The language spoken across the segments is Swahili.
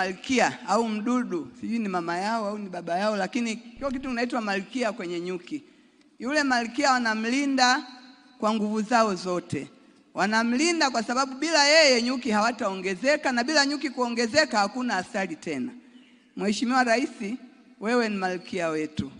malkia au mdudu, sijui ni mama yao au ni baba yao, lakini kio kitu kinaitwa malkia kwenye nyuki. Yule malkia wanamlinda kwa nguvu zao zote, wanamlinda kwa sababu bila yeye nyuki hawataongezeka, na bila nyuki kuongezeka hakuna asali tena. Mheshimiwa Rais, wewe ni malkia wetu.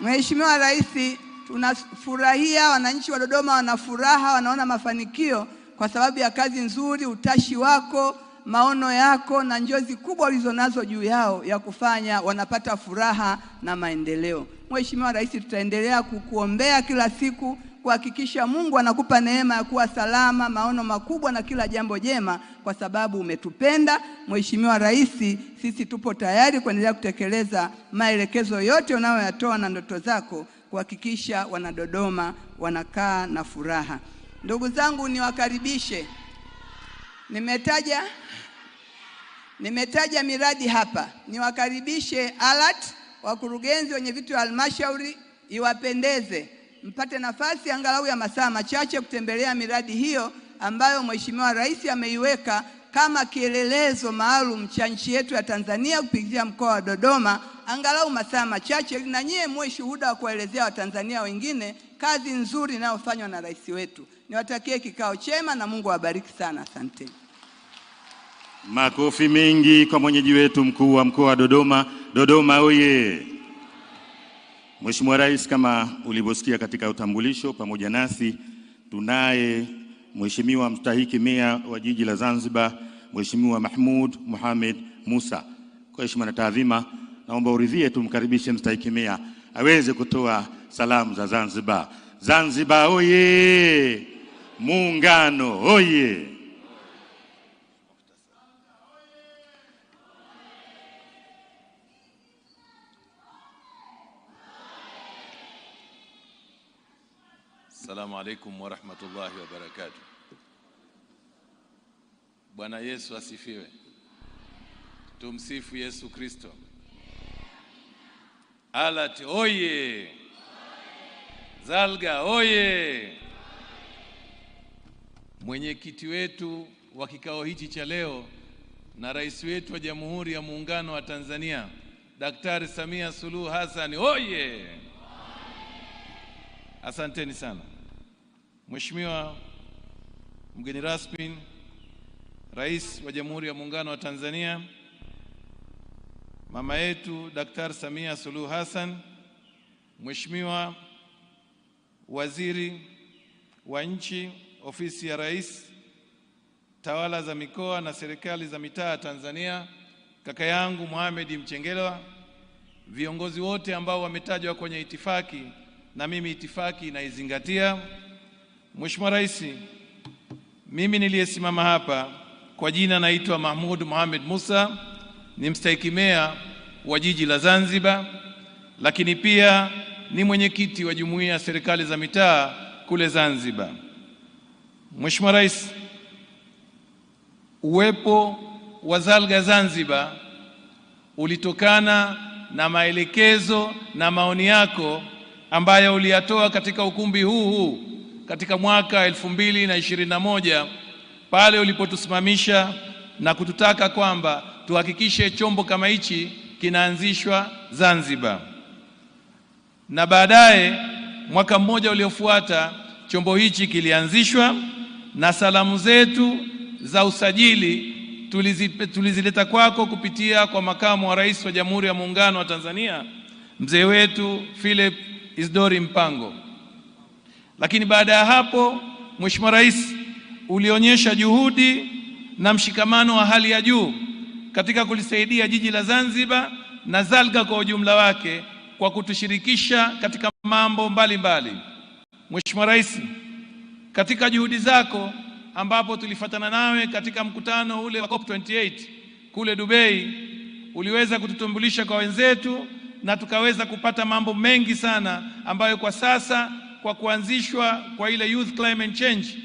Mheshimiwa Rais, tunafurahia, wananchi wa Dodoma wana furaha, wanaona mafanikio kwa sababu ya kazi nzuri, utashi wako, maono yako na njozi kubwa ulizonazo juu yao ya kufanya wanapata furaha na maendeleo. Mheshimiwa Rais, tutaendelea kukuombea kila siku kuhakikisha Mungu anakupa neema ya kuwa salama, maono makubwa na kila jambo jema, kwa sababu umetupenda. Mheshimiwa Rais, sisi tupo tayari kuendelea kutekeleza maelekezo yote unayoyatoa na ndoto zako, kuhakikisha Wanadodoma wanakaa na furaha. Ndugu zangu niwakaribishe. Nimetaja nimetaja miradi hapa, niwakaribishe ALAT, wakurugenzi, wenye vitu wa halmashauri, iwapendeze mpate nafasi angalau ya masaa machache kutembelea miradi hiyo ambayo Mheshimiwa Rais ameiweka kama kielelezo maalum cha nchi yetu ya Tanzania kupitia mkoa wa Dodoma, angalau masaa machache, na nyie muwe shuhuda wa kuwaelezea Watanzania wengine kazi nzuri inayofanywa na rais wetu. Niwatakie kikao chema na Mungu awabariki sana. asante Makofi mengi kwa mwenyeji wetu mkuu wa mkoa wa Dodoma. Dodoma oye! Mheshimiwa Rais, kama ulivyosikia katika utambulisho, pamoja nasi tunaye Mheshimiwa mstahiki meya wa jiji la Zanzibar, Mheshimiwa Mahmud Mohamed Musa. Kwa heshima na taadhima, naomba uridhie tumkaribishe mstahiki meya aweze kutoa salamu za Zanzibar. Zanzibar oye! Muungano oye! Assalamu rahmatullahi warahmatullahi wabarakatuh. Bwana Yesu asifiwe. Tumsifu Yesu Kristo. Alati oye! Zalga oye! mwenyekiti wetu wa kikao hichi cha leo na rais wetu wa Jamhuri ya Muungano wa Tanzania Daktari Samia Suluhu Hassan oye! Asanteni sana. Mheshimiwa mgeni rasmi, Rais wa Jamhuri ya Muungano wa Tanzania mama yetu Daktari Samia Suluhu Hassan, Mheshimiwa Waziri wa Nchi Ofisi ya Rais, Tawala za Mikoa na Serikali za Mitaa Tanzania, kaka yangu Mohamed mchengelwa viongozi wote ambao wametajwa kwenye itifaki na mimi itifaki inaizingatia. Mheshimiwa Rais, mimi niliyesimama hapa kwa jina naitwa Mahmud Mohamed Musa, ni mstahiki meya wa jiji la Zanzibar, lakini pia ni mwenyekiti wa jumuiya ya serikali za mitaa kule Zanzibar. Mheshimiwa Rais, uwepo wa ZALGA Zanzibar ulitokana na maelekezo na maoni yako ambayo uliyatoa katika ukumbi huu huu katika mwaka elfu na pale ulipotusimamisha na kututaka kwamba tuhakikishe chombo kama hichi kinaanzishwa Zanzibar, na baadaye mwaka mmoja uliofuata chombo hichi kilianzishwa na salamu zetu za usajili tulizileta kwako kupitia kwa makamu wa rais wa Jamhuri ya Muungano wa Tanzania mzee wetu Philip Isdori Mpango. Lakini baada ya hapo, Mheshimiwa Rais, ulionyesha juhudi na mshikamano wa hali ya juu katika kulisaidia jiji la Zanzibar na Zalga kwa ujumla wake kwa kutushirikisha katika mambo mbalimbali. Mheshimiwa Rais, katika juhudi zako ambapo tulifatana nawe katika mkutano ule wa COP28 kule Dubai, uliweza kututumbulisha kwa wenzetu na tukaweza kupata mambo mengi sana ambayo kwa sasa kwa kuanzishwa kwa ile Youth Climate Change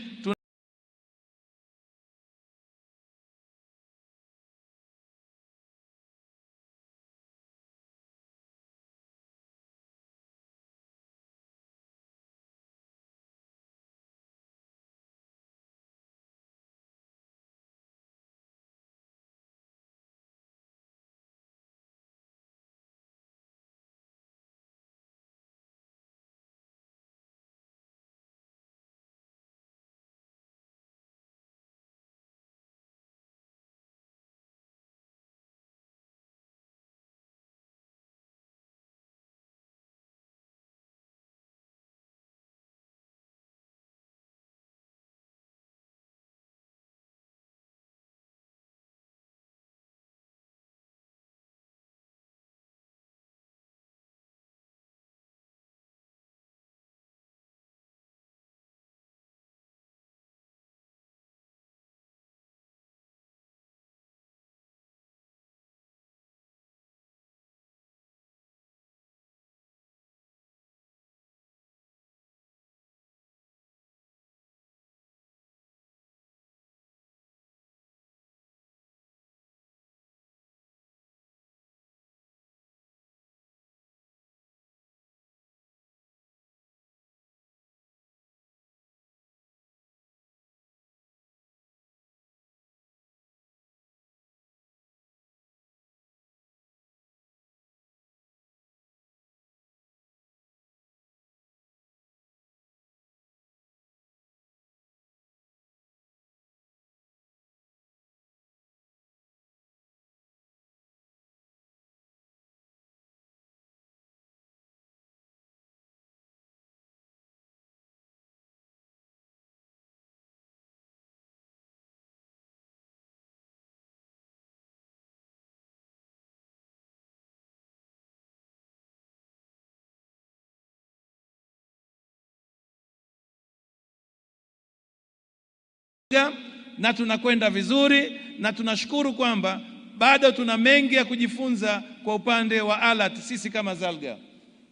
na tunakwenda vizuri na tunashukuru kwamba bado tuna mengi ya kujifunza kwa upande wa ALAT. Sisi kama ZALGA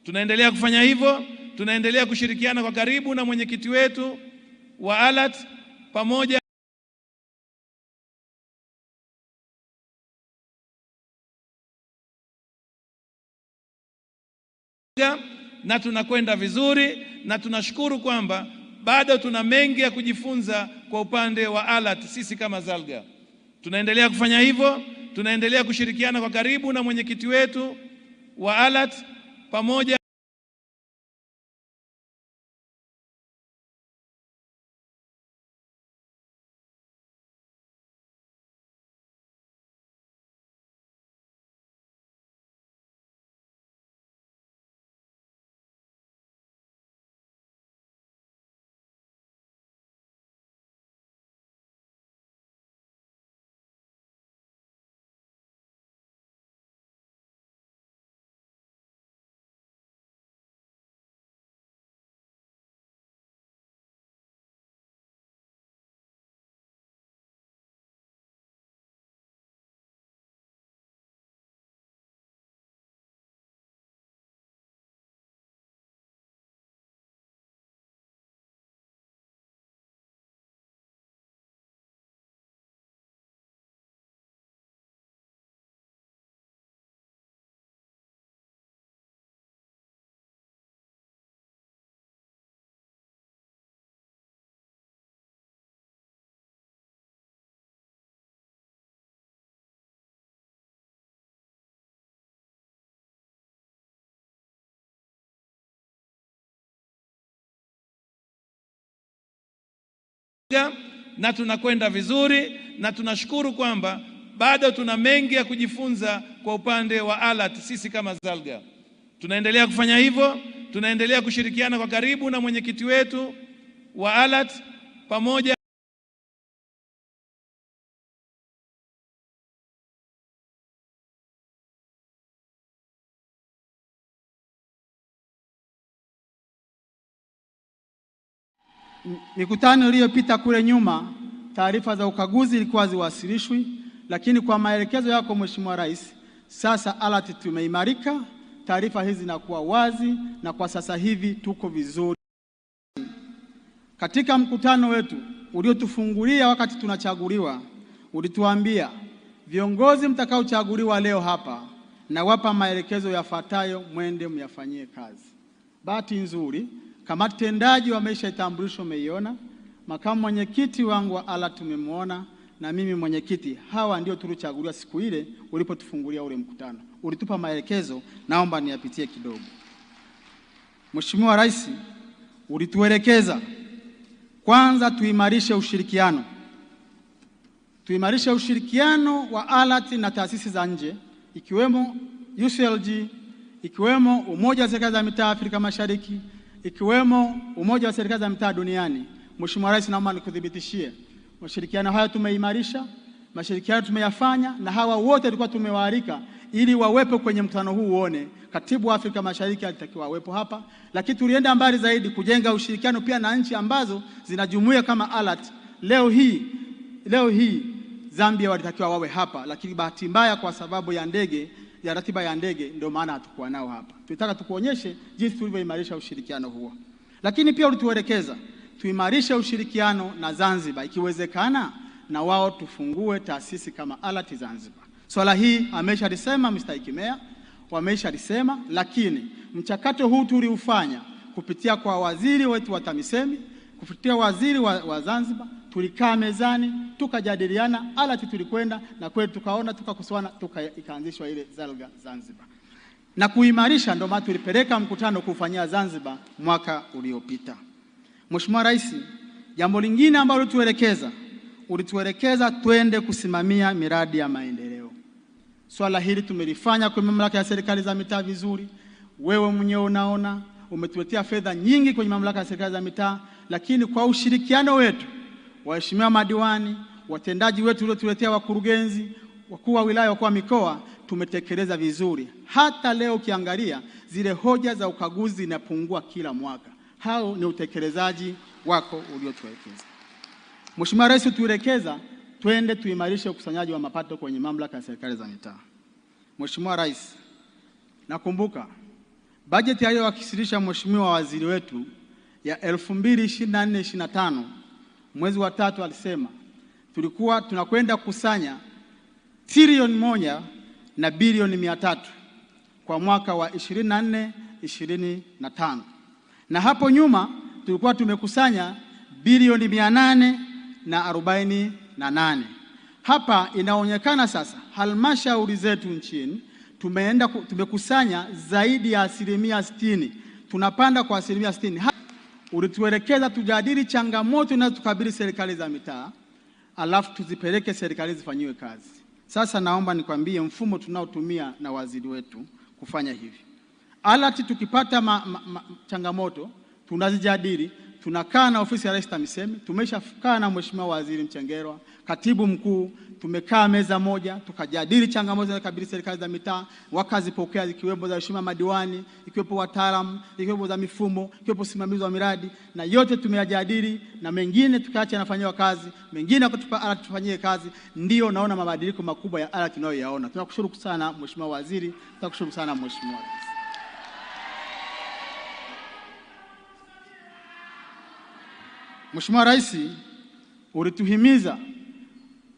tunaendelea kufanya hivyo, tunaendelea kushirikiana kwa karibu na mwenyekiti wetu wa ALAT pamoja na tunakwenda vizuri na tunashukuru kwamba bado tuna mengi ya kujifunza kwa upande wa ALAT. Sisi kama ZALGA tunaendelea kufanya hivyo, tunaendelea kushirikiana kwa karibu na mwenyekiti wetu wa ALAT pamoja na tunakwenda vizuri na tunashukuru kwamba bado tuna mengi ya kujifunza kwa upande wa ALAT. Sisi kama ZALGA tunaendelea kufanya hivyo, tunaendelea kushirikiana kwa karibu na mwenyekiti wetu wa ALAT pamoja Mikutano iliyopita kule nyuma, taarifa za ukaguzi ilikuwa ziwasilishwi, lakini kwa maelekezo yako Mheshimiwa Rais, sasa alati tumeimarika, taarifa hizi zinakuwa wazi na kwa sasa hivi tuko vizuri. Katika mkutano wetu uliotufungulia wakati tunachaguliwa, ulituambia viongozi mtakaochaguliwa leo hapa, nawapa maelekezo yafuatayo, mwende myafanyie kazi. Bahati nzuri Kamati tendaji wa maisha itambulisho umeiona, makamu mwenyekiti wangu wa ala tumemwona, na mimi mwenyekiti. Hawa ndio tulichaguliwa siku ile ulipotufungulia ule mkutano, ulitupa maelekezo, naomba niyapitie kidogo. Mheshimiwa Rais, ulituelekeza kwanza tuimarishe ushirikiano, tuimarishe ushirikiano wa ALAT na taasisi za nje ikiwemo UCLG, ikiwemo Umoja wa Serikali za Mitaa Afrika Mashariki ikiwemo umoja wa serikali za mitaa duniani. Mheshimiwa Rais, naomba nikuthibitishie mashirikiano haya tumeimarisha, mashirikiano tumeyafanya na hawa wote tulikuwa tumewaalika ili wawepo kwenye mkutano huu. Uone katibu wa Afrika Mashariki alitakiwa awepo hapa, lakini tulienda mbali zaidi kujenga ushirikiano pia na nchi ambazo zinajumuia kama ALAT. Leo hii, leo hii Zambia walitakiwa wawe hapa, lakini bahati mbaya kwa sababu ya ndege ya ratiba ya ndege, ndio maana hatukuwa nao hapa. Tulitaka tukuonyeshe jinsi tulivyoimarisha ushirikiano huo, lakini pia ulituelekeza tuimarishe ushirikiano na Zanzibar, ikiwezekana na wao tufungue taasisi kama alati Zanzibar. Swala hii ameshalisema Mstahiki Meya, wameshalisema, lakini mchakato huu tuliufanya kupitia kwa waziri wetu wa TAMISEMI, kupitia waziri wa, wa Zanzibar tulikaa mezani tukajadiliana, alati tulikwenda na kweli tukaona, tukakosoana, tuka ikaanzishwa ile ZALGA Zanzibar na kuimarisha. Ndio maana tulipeleka mkutano kufanyia Zanzibar mwaka uliopita. Mheshimiwa Rais, jambo lingine ambalo ulituelekeza, ulituelekeza twende kusimamia miradi ya maendeleo. Swala hili tumelifanya kwa mamlaka ya serikali za mitaa vizuri. Wewe mwenyewe unaona umetuletea fedha nyingi kwenye mamlaka ya serikali za mitaa, lakini kwa ushirikiano wetu waheshimiwa madiwani, watendaji wetu uliotuletea wakurugenzi, wakuu wa wilaya, wakuu wa mikoa, tumetekeleza vizuri. Hata leo ukiangalia zile hoja za ukaguzi zinapungua kila mwaka. Hao ni utekelezaji wako uliotuelekeza. Mheshimiwa Rais tuelekeza twende tuimarishe ukusanyaji wa mapato kwenye mamlaka ya serikali za mitaa. Mheshimiwa Rais, nakumbuka bajeti aliyowasilisha Mheshimiwa waziri wetu ya 2024 25 mwezi wa tatu alisema tulikuwa tunakwenda kukusanya trilioni moja na bilioni mia tatu kwa mwaka wa 24 25, na hapo nyuma tulikuwa tumekusanya bilioni mia nane na arobaini na nane. Hapa inaonekana sasa halmashauri zetu nchini tumeenda tumekusanya zaidi ya asilimia 60, tunapanda kwa asilimia 60 ulituelekeza tujadili changamoto inazotukabili serikali za mitaa, alafu tuzipeleke serikali zifanyiwe kazi. Sasa naomba nikwambie mfumo tunaotumia na waziri wetu kufanya hivi. Alati tukipata ma, ma, ma, changamoto tunazijadili, tunakaa na ofisi ya Rais TAMISEMI. Tumeshakaa na Mheshimiwa Waziri Mchengerwa, katibu mkuu Tumekaa meza moja tukajadili changamoto zinazokabili serikali za mitaa, wakazipokea zikiwepo za heshima madiwani, ikiwepo wataalamu, ikiwepo za mifumo, ikiwepo usimamizi wa miradi, na yote tumeyajadili, na mengine tukaacha yanafanyiwa kazi, mengine akatupa ara tufanyie kazi. ndio naona mabadiliko makubwa ya ara tunayoyaona. Tunakushukuru sana Mheshimiwa Waziri, tunakushukuru sana Mheshimiwa Mheshimiwa Rais, ulituhimiza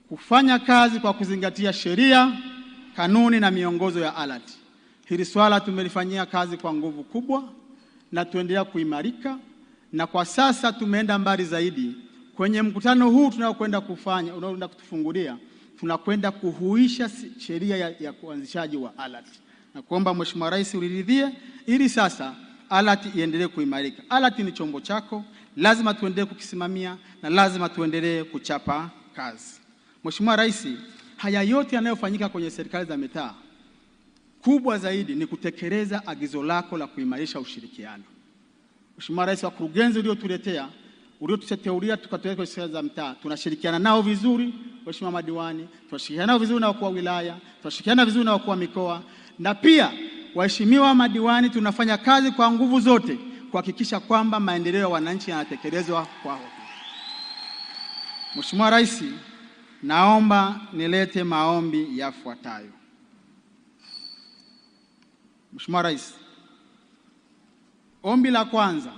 kufanya kazi kwa kuzingatia sheria, kanuni na miongozo ya ALAT. Hili swala tumelifanyia kazi kwa nguvu kubwa na tuendelea kuimarika, na kwa sasa tumeenda mbali zaidi. Kwenye mkutano huu tunaokwenda kufanya, unaoenda kutufungulia, tunakwenda kuhuisha sheria ya, ya kuanzishaji wa ALAT na kuomba Mheshimiwa Rais uliridhie ili sasa ALAT iendelee kuimarika. ALAT ni chombo chako, lazima tuendelee kukisimamia na lazima tuendelee kuchapa kazi. Mheshimiwa Rais, haya yote yanayofanyika kwenye serikali za mitaa, kubwa zaidi ni kutekeleza agizo lako la kuimarisha ushirikiano. Mheshimiwa Rais, wakurugenzi uliotuletea uliotuteulia tukatolea kwenye serikali za mtaa, tunashirikiana nao vizuri. Mheshimiwa madiwani, tunashirikiana nao vizuri na wakuu wa wilaya, tunashirikiana vizuri na wakuu wa mikoa, na pia waheshimiwa madiwani, tunafanya kazi kwa nguvu zote kuhakikisha kwamba maendeleo ya wananchi yanatekelezwa kwao. Mheshimiwa Rais, Naomba nilete maombi yafuatayo. Mheshimiwa Rais, ombi la kwanza,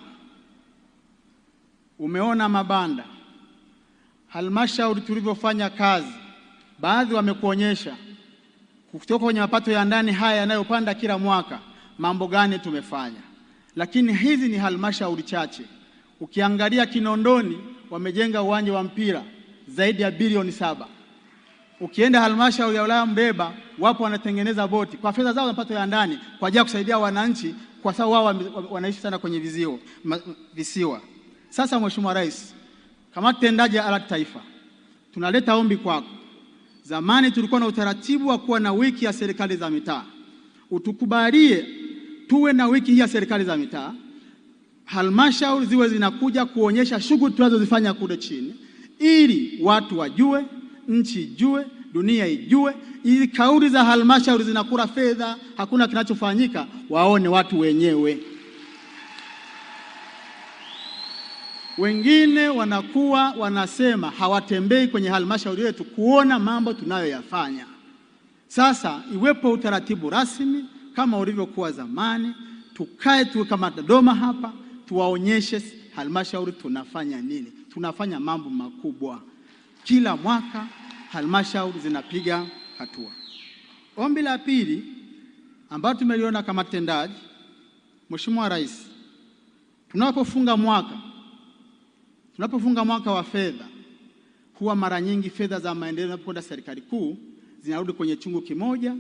umeona mabanda halmashauri tulivyofanya kazi, baadhi wamekuonyesha kutoka kwenye mapato ya ndani haya yanayopanda kila mwaka, mambo gani tumefanya, lakini hizi ni halmashauri chache. Ukiangalia Kinondoni wamejenga uwanja wa mpira zaidi ya bilioni saba. Ukienda halmashauri ya wilaya Mbeba, wapo wanatengeneza boti kwa fedha zao za mapato ya ndani kwa ajili ya kusaidia wananchi, kwa sababu wao wanaishi sana kwenye vizio, visiwa. Sasa Mheshimiwa Rais, kama tendaji ya ALAT Taifa, tunaleta ombi kwako. Zamani tulikuwa na utaratibu wa kuwa na wiki ya serikali za mitaa, utukubalie tuwe na wiki hii ya serikali za mitaa, halmashauri ziwe zinakuja kuonyesha shughuli tunazozifanya kule chini ili watu wajue, nchi ijue, dunia ijue. ili kauli za halmashauri zinakula fedha, hakuna kinachofanyika, waone watu wenyewe. Wengine wanakuwa wanasema hawatembei kwenye halmashauri yetu kuona mambo tunayoyafanya. Sasa iwepo utaratibu rasmi kama ulivyokuwa zamani, tukae tu kama Dodoma hapa, tuwaonyeshe halmashauri tunafanya nini? Tunafanya mambo makubwa kila mwaka, halmashauri zinapiga hatua. Ombi la pili ambalo tumeliona kama tendaji, Mheshimiwa Rais, tunapofunga mwaka tunapofunga mwaka wa fedha huwa mara nyingi fedha za maendeleo zinapokwenda serikali kuu zinarudi kwenye chungu kimoja,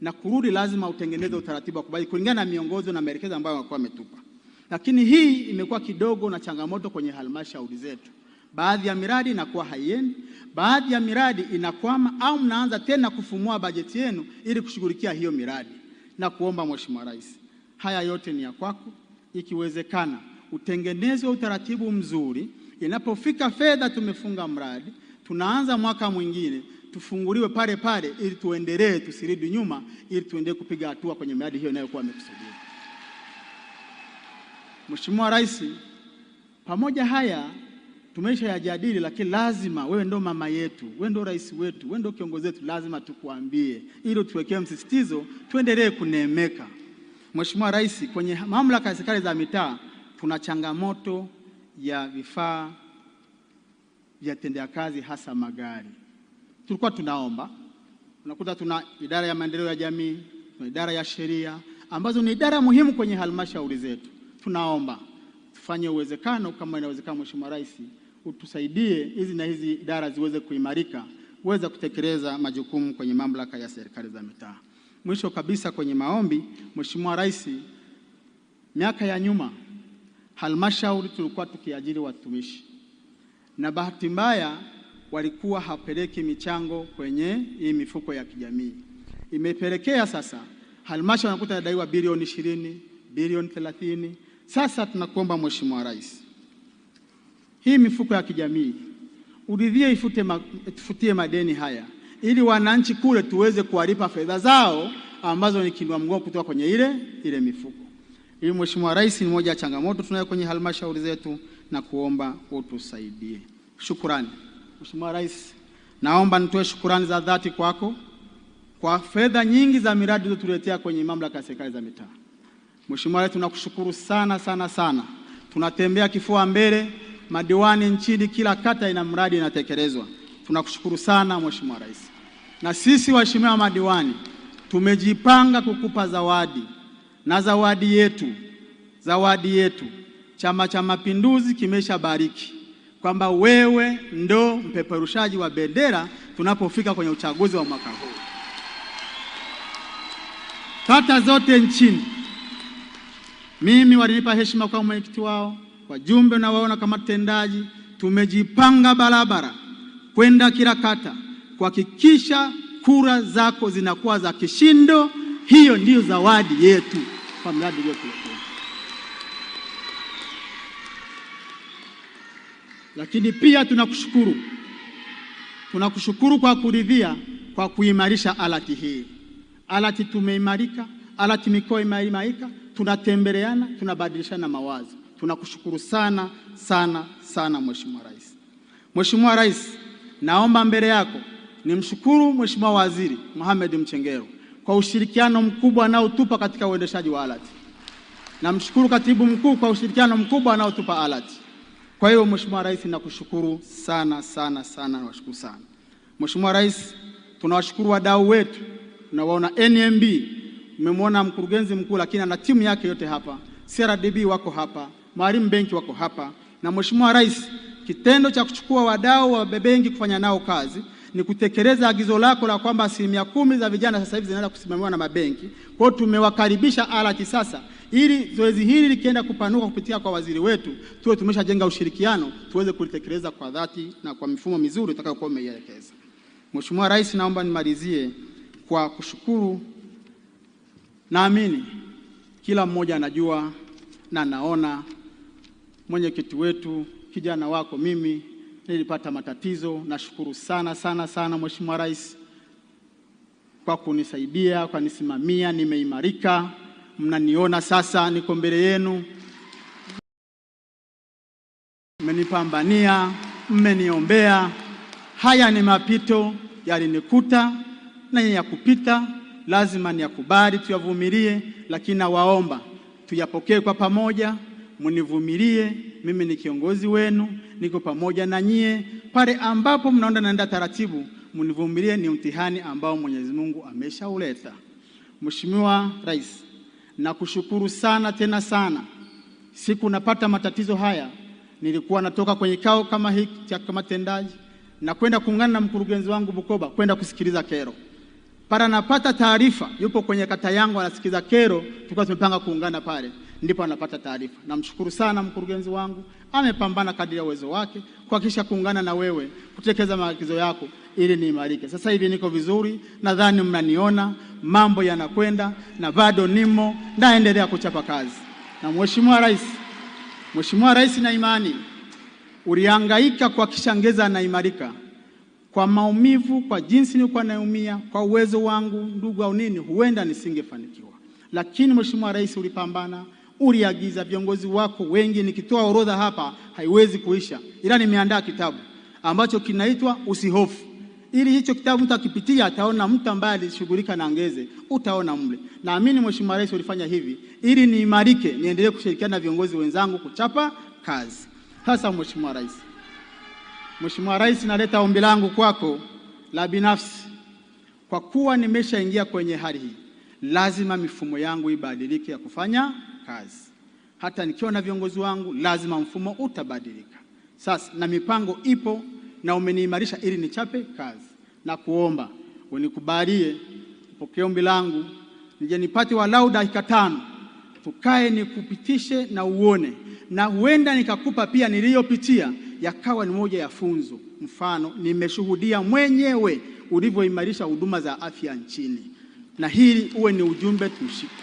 na kurudi lazima utengeneze utaratibu wa kubadili kulingana na miongozo na maelekezo ambayo wanakuwa wametupa. Lakini hii imekuwa kidogo na changamoto kwenye halmashauri zetu. Baadhi ya miradi inakuwa haiendi, baadhi ya miradi inakwama, au mnaanza tena kufumua bajeti yenu ili kushughulikia hiyo miradi, na kuomba Mheshimiwa Rais, haya yote ni ya kwako. Ikiwezekana utengeneze utaratibu mzuri, inapofika fedha, tumefunga mradi, tunaanza mwaka mwingine, tufunguliwe pale pale, ili tuendelee, tusirudi nyuma, ili tuendelee kupiga hatua kwenye miradi hiyo inayokuwa imekusudiwa. Mheshimiwa Rais, pamoja haya tumeisha yajadili, lakini lazima wewe ndo mama yetu, wewe ndo rais wetu, wewe ndo kiongozi wetu, lazima tukuambie ili tuwekee msisitizo, tuendelee kuneemeka. Mheshimiwa Rais, kwenye mamlaka ya serikali za mitaa tuna changamoto ya vifaa vya tendea kazi, hasa magari. Tulikuwa tunaomba, unakuta tuna idara ya maendeleo ya jamii, tuna idara ya sheria ambazo ni idara muhimu kwenye halmashauri zetu tunaomba tufanye uwezekano kama inawezekana, Mheshimiwa Rais, utusaidie hizi na hizi idara ziweze kuimarika uweza kutekeleza majukumu kwenye mamlaka ya serikali za mitaa. Mwisho kabisa, kwenye maombi, Mheshimiwa Rais, miaka ya nyuma halmashauri tulikuwa tukiajiri watumishi na bahati mbaya walikuwa hapeleki michango kwenye hii mifuko ya kijamii. Imepelekea sasa halmashauri anakuta anadaiwa bilioni ishirini, bilioni thelathini sasa tunakuomba Mheshimiwa Rais, hii mifuko ya kijamii uridhie ifute ma, tufutie madeni haya ili wananchi kule tuweze kuwalipa fedha zao ambazo ni kindwa mgongo kutoka kwenye ile ile mifuko. Hii Mheshimiwa Rais, ni moja ya changamoto tunayo kwenye halmashauri zetu na kuomba utusaidie. Shukurani. Mheshimiwa Rais, naomba nitoe shukurani za dhati kwako kwa fedha nyingi za miradi ulizotuletea kwenye mamlaka ya serikali za mitaa. Mheshimiwa Rais, tunakushukuru sana sana sana. Tunatembea kifua mbele, madiwani nchini, kila kata ina mradi inatekelezwa. Tunakushukuru sana Mheshimiwa Rais. Na sisi waheshimiwa madiwani tumejipanga kukupa zawadi, na zawadi yetu, zawadi yetu Chama cha Mapinduzi kimeshabariki kwamba wewe ndo mpeperushaji wa bendera tunapofika kwenye uchaguzi wa mwaka huu kata zote nchini mimi walinipa heshima kwa mwenyekiti wao, wajumbe waona kama tendaji. Tumejipanga barabara kwenda kila kata kuhakikisha kura zako zinakuwa za kishindo. Hiyo ndiyo zawadi yetu kwa mradi uliokuletea. Lakini pia tunakushukuru, tunakushukuru kwa kuridhia, kwa kuimarisha alati hii. Alati tumeimarika, alati mikoa imeimarika tunatembeleana, tunabadilishana mawazo. Tunakushukuru sana sana sana Mheshimiwa Rais. Mheshimiwa Rais, naomba mbele yako nimshukuru Mheshimiwa Waziri Mohamed Mchengero kwa ushirikiano mkubwa anaotupa katika uendeshaji wa ALAT. Namshukuru Katibu Mkuu kwa ushirikiano mkubwa anaotupa ALAT. Kwa hiyo Mheshimiwa Rais, nakushukuru sana sana sana, nawashukuru sana Mheshimiwa Rais. Tunawashukuru wadau wetu, tunawaona NMB mmemwona mkurugenzi mkuu, lakini ana timu yake yote hapa, CRDB wako hapa, Mwalimu Benki wako hapa na Mheshimiwa Rais. Kitendo cha kuchukua wadau wa benki kufanya nao kazi ni kutekeleza agizo lako la kwamba asilimia kumi za vijana sasa hivi zinaenda kusimamiwa na mabenki. Kwa hiyo tumewakaribisha ala kisasa, ili zoezi hili likienda kupanuka kupitia kwa waziri wetu, tuwe tumeshajenga ushirikiano tuweze kulitekeleza kwa dhati na kwa mifumo mizuri utakayokuwa umeielekeza. Mheshimiwa Rais, naomba nimalizie kwa kushukuru Naamini kila mmoja anajua na naona, mwenyekiti wetu, kijana wako mimi nilipata matatizo. Nashukuru sana sana sana Mheshimiwa Rais kwa kunisaidia, kwa nisimamia, nimeimarika. Mnaniona sasa, niko mbele yenu, mmenipambania, mmeniombea. Haya ni mapito yalinikuta na ya kupita lazima niyakubali, tuyavumilie, lakini nawaomba tuyapokee kwa pamoja, mnivumilie Mimi ni kiongozi wenu, niko pamoja na nyie. Pale ambapo mnaona naenda taratibu, mnivumilie ni mtihani ambao Mwenyezi Mungu ameshauleta. Mheshimiwa Rais, nakushukuru sana tena sana. Siku napata matatizo haya, nilikuwa natoka kwenye kikao kama hiki cha kamati tendaji na kwenda kuungana na mkurugenzi wangu Bukoba kwenda kusikiliza kero Para anapata taarifa, yupo kwenye kata yangu anasikiza kero, tulikuwa tumepanga kuungana pale, ndipo anapata taarifa. Namshukuru sana mkurugenzi wangu, amepambana kadri ya uwezo wake kuhakikisha kuungana na wewe kutekeleza maagizo yako ili niimarike. Sasa hivi niko vizuri, nadhani mnaniona, mambo yanakwenda na bado nimo naendelea kuchapa kazi. Na Mheshimiwa Rais, Mheshimiwa Rais na imani uliangaika kuhakikisha Ngeza anaimarika kwa maumivu, kwa jinsi nilikuwa naumia, kwa uwezo wangu ndugu au nini, huenda nisingefanikiwa. Lakini Mheshimiwa Rais, ulipambana, uliagiza viongozi wako wengi. Nikitoa orodha hapa haiwezi kuisha, ila nimeandaa kitabu ambacho kinaitwa Usihofu, ili hicho kitabu mtu akipitia ataona mtu ambaye alishughulika na ngeze, utaona mle. Naamini Mheshimiwa Rais ulifanya hivi ili niimarike, niendelee kushirikiana na viongozi wenzangu kuchapa kazi. hasa Mheshimiwa Rais Mheshimiwa Rais, naleta ombi langu kwako la binafsi, kwa kuwa nimeshaingia kwenye hali hii, lazima mifumo yangu ibadilike ya kufanya kazi. Hata nikiwa na viongozi wangu, lazima mfumo utabadilika. Sasa na mipango ipo na umeniimarisha ili nichape kazi, na kuomba unikubalie upokee ombi langu, nije nipate walau dakika tano tukae nikupitishe na uone, na huenda nikakupa pia niliyopitia yakawa ni moja ya funzo. Mfano, nimeshuhudia mwenyewe ulivyoimarisha huduma za afya nchini, na hili uwe ni ujumbe tushike.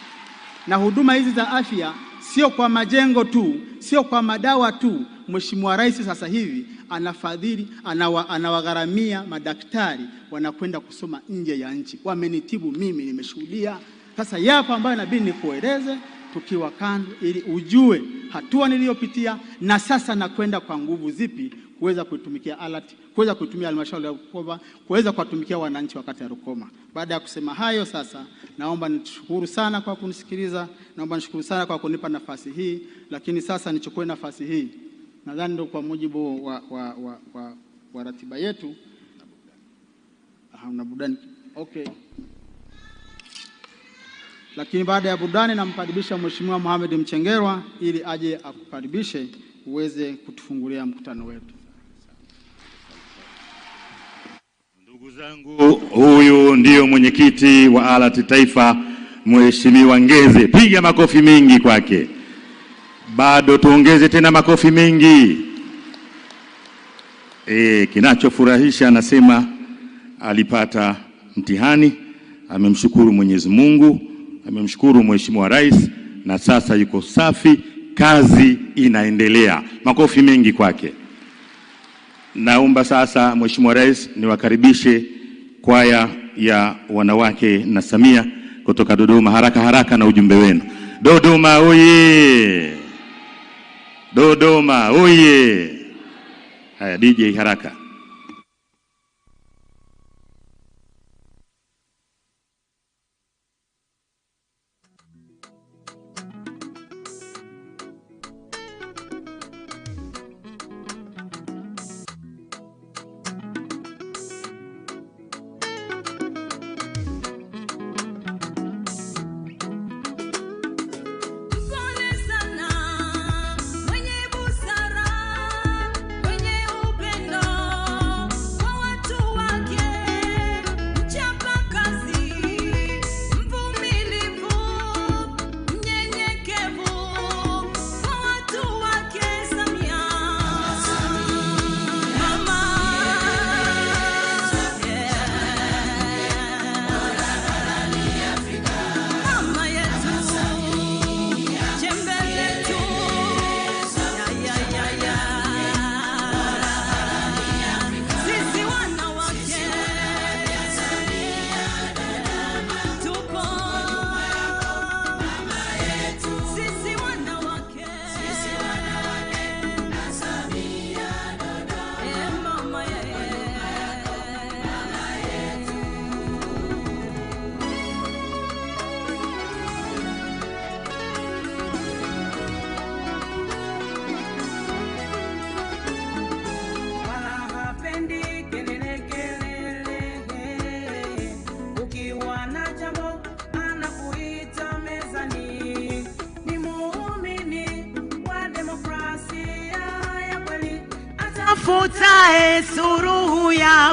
Na huduma hizi za afya sio kwa majengo tu, sio kwa madawa tu. Mheshimiwa Rais sasa hivi anafadhili, anawa, anawagharamia madaktari wanakwenda kusoma nje ya nchi, wamenitibu mimi, nimeshuhudia. Sasa yapo ambayo nabidi nikueleze tukiwa kando, ili ujue hatua niliyopitia na sasa nakwenda kwa nguvu zipi kuweza kuitumikia ALAT, kuweza kuitumia halmashauri ya Rukoma, kuweza kuwatumikia wananchi wa kata ya Rukoma. Baada ya kusema hayo, sasa naomba nishukuru sana kwa kunisikiliza, naomba nishukuru sana kwa kunipa nafasi hii, lakini sasa nichukue nafasi hii, nadhani ndio kwa mujibu wa, wa, wa, wa, wa ratiba yetu na burudani okay. Lakini baada ya burudani, namkaribisha Mheshimiwa Mohamed Mchengerwa ili aje akukaribishe uweze kutufungulia mkutano wetu. Ndugu zangu, huyu ndiyo mwenyekiti wa alati Taifa, Mheshimiwa Ngeze. Piga makofi mengi kwake, bado tuongeze tena makofi mengi. E, kinachofurahisha anasema alipata mtihani, amemshukuru Mwenyezi Mungu amemshukuru Mheshimiwa Rais na sasa yuko safi, kazi inaendelea. Makofi mengi kwake. Naomba sasa Mheshimiwa Rais niwakaribishe kwaya ya wanawake na Samia kutoka Dodoma haraka haraka na ujumbe wenu. Dodoma oye! Dodoma oye! Haya DJ haraka.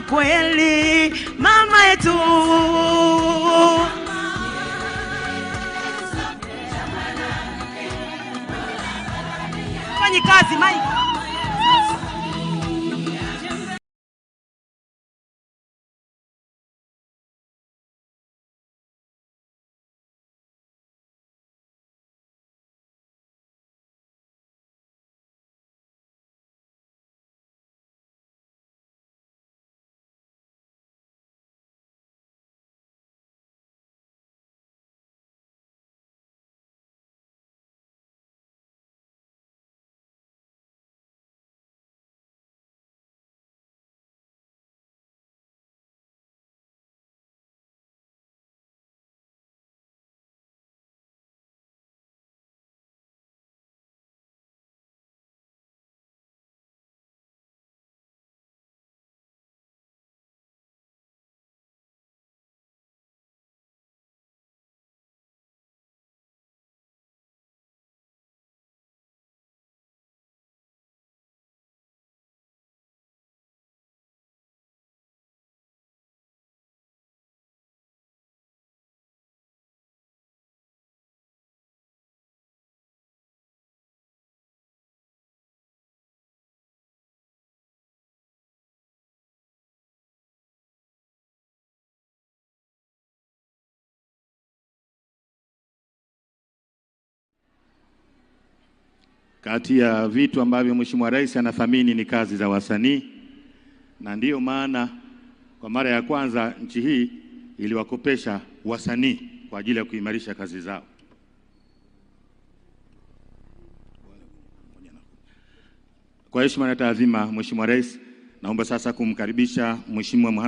kweli, mama yetu Kati ya vitu ambavyo Mheshimiwa Rais anathamini ni kazi za wasanii, na ndiyo maana kwa mara ya kwanza nchi hii iliwakopesha wasanii kwa ajili ya kuimarisha kazi zao. Kwa heshima na taadhima, Mheshimiwa Rais, naomba sasa kumkaribisha Mheshimiwa